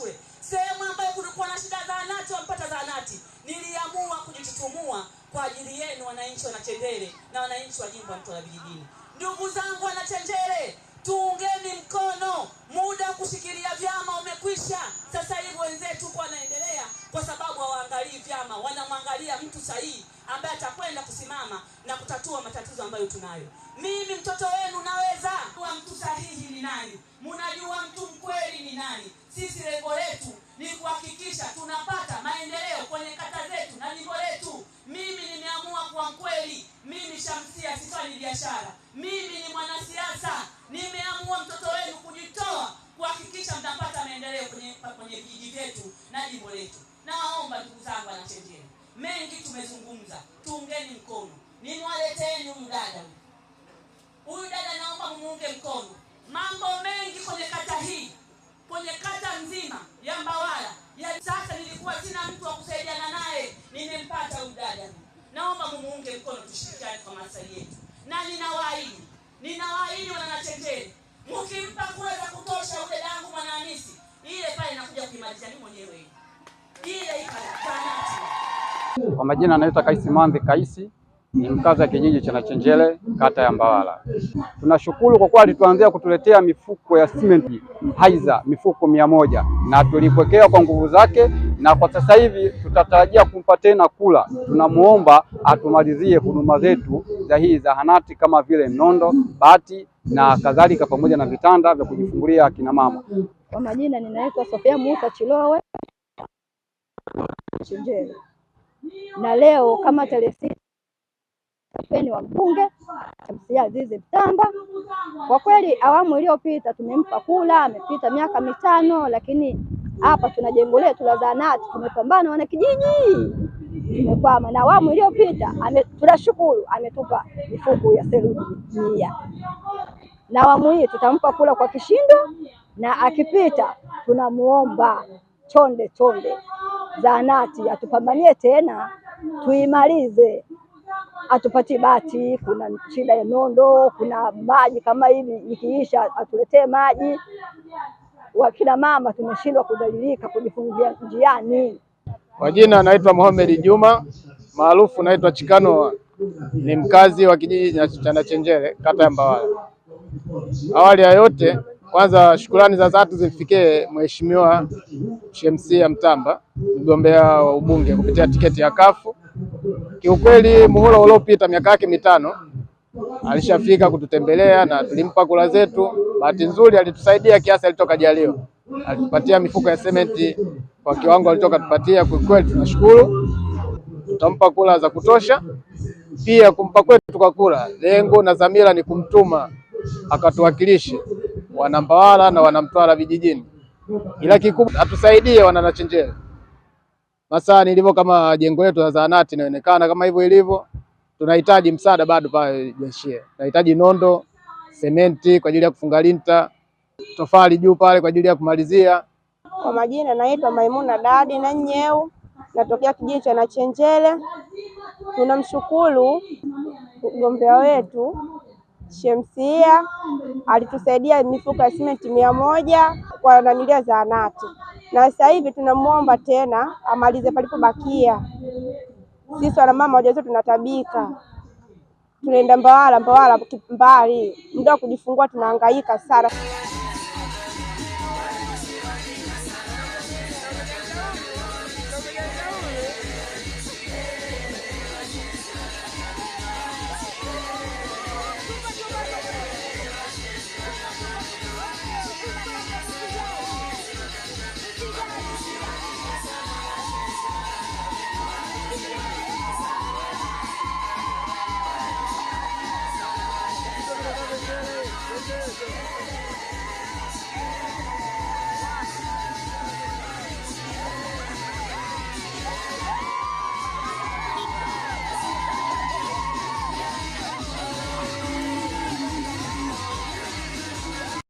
shule. Sehemu ambayo kulikuwa na shida zahanati, wampata zahanati. Niliamua kujitutumua kwa ajili yenu, wananchi wa Nachendele na wananchi wa jimbo la Mtwara Vijijini. Ndugu zangu Wanachengele, tuungeni mkono. Muda wa kushikilia vyama umekwisha. Sasa hivi wenzetu kwa wanaendelea, kwa sababu hawaangalii vyama, wanamwangalia mtu sahihi ambaye atakwenda kusimama na kutatua matatizo ambayo tunayo. Mimi mtoto wenu naweza. Mtu sahihi ni nani? Munajua mtu mkweli ni nani? sisi lengo letu ni kuhakikisha tunapata maendeleo kwenye kata zetu na jimbo letu. Mimi nimeamua kuwa mkweli. Mimi Shamsia sifanyi biashara, mimi ni mwanasiasa. Nimeamua mtoto wenu kujitoa kuhakikisha mtapata maendeleo kwenye kwenye vijiji vyetu na jimbo letu. Nawaomba ndugu zangu wanachenjeni, mengi tumezungumza, tuungeni mkono, nimwaleteni huyu dada naomba mumuunge mkono, tushirikiane kwa maslahi yetu, na ninawaahidi, ninawaahidi wananachengeni, mkimpa kura za kutosha ule dangu Mwanahamisi, ile pale inakuja kuimaliza mimi mwenyewe ile ipatikana. Kwa majina anaitwa Kaisi Mambi Kaisi, ni mkazi wa kijiji cha Nachenjele kata ya Mbawala. Tunashukuru kwa kuwa alituanzia kutuletea mifuko ya simenti haiza mifuko mia moja na tulipokea kwa nguvu zake na kwa sasa hivi tutatarajia kumpa tena kula. Tunamuomba atumalizie huduma zetu za hii zahanati kama vile nondo, bati na kadhalika, pamoja na vitanda vya kujifungulia akina mama. Kwa majina ninaitwa Sofia Musa Chilowe Chenjere, na leo kama tarehe sita wa mbunge Shamsia Azizi Mtamba, kwa kweli awamu iliyopita tumempa kula, amepita miaka mitano lakini hapa tuna jengo letu la zahanati, tumepambana wana kijiji, tumekwama. Na awamu iliyopita tunashukuru ametupa mifuko ya theluji mia, na awamu hii tutampa kula kwa kishindo, na akipita tunamuomba chonde chonde, zahanati atupambanie tena, tuimalize atupatie bati. Kuna shida ya nondo, kuna maji kama hivi ikiisha, atuletee maji wakina mama tumeshindwa kudhalilika, kujifungia njiani. Kwa jina anaitwa Mohamed Juma maarufu naitwa Chikanoa, ni mkazi wa kijiji cha Nachenjele kata ya Mbawala. Awali ya yote, kwanza shukurani za dhati zimfikie Mheshimiwa ya Mtamba, mgombea wa ubunge kupitia tiketi ya kafu. Kiukweli muhula uliopita, miaka yake mitano, alishafika kututembelea na tulimpa kula zetu Bahati nzuri alitusaidia kiasi, alitoka jaliwa, alitupatia mifuko ya sementi kwa kiwango alitoka tupatia. Kwa kweli tunashukuru, tutampa kula za kutosha. Pia kumpa kwetu kwa kula, lengo na dhamira ni kumtuma akatuwakilishe Wanambawala na Wanamtwara vijijini, ila kikubwa atusaidie Wananachenjele masaa nilivyo kama jengo letu la zahanati inaonekana kama hivyo ilivyo. Tunahitaji msaada bado pale Jenshie, tunahitaji nondo sementi kwa ajili ya kufunga linta, tofali juu pale kwa ajili ya kumalizia. Kwa majina naitwa Maimuna Dadi na Nyeu, natokea kijiji cha Nachenjele. Tunamshukuru mgombea wetu Shemsia alitusaidia mifuko ya simenti mia moja kwa nanilia zahanati, na sasa hivi tunamwomba tena amalize palipobakia. Sisi wanamama wajawazito tunatabika tunaenda Mbawala, Mbawala mbali, muda wa kujifungua tunahangaika sana. Yes,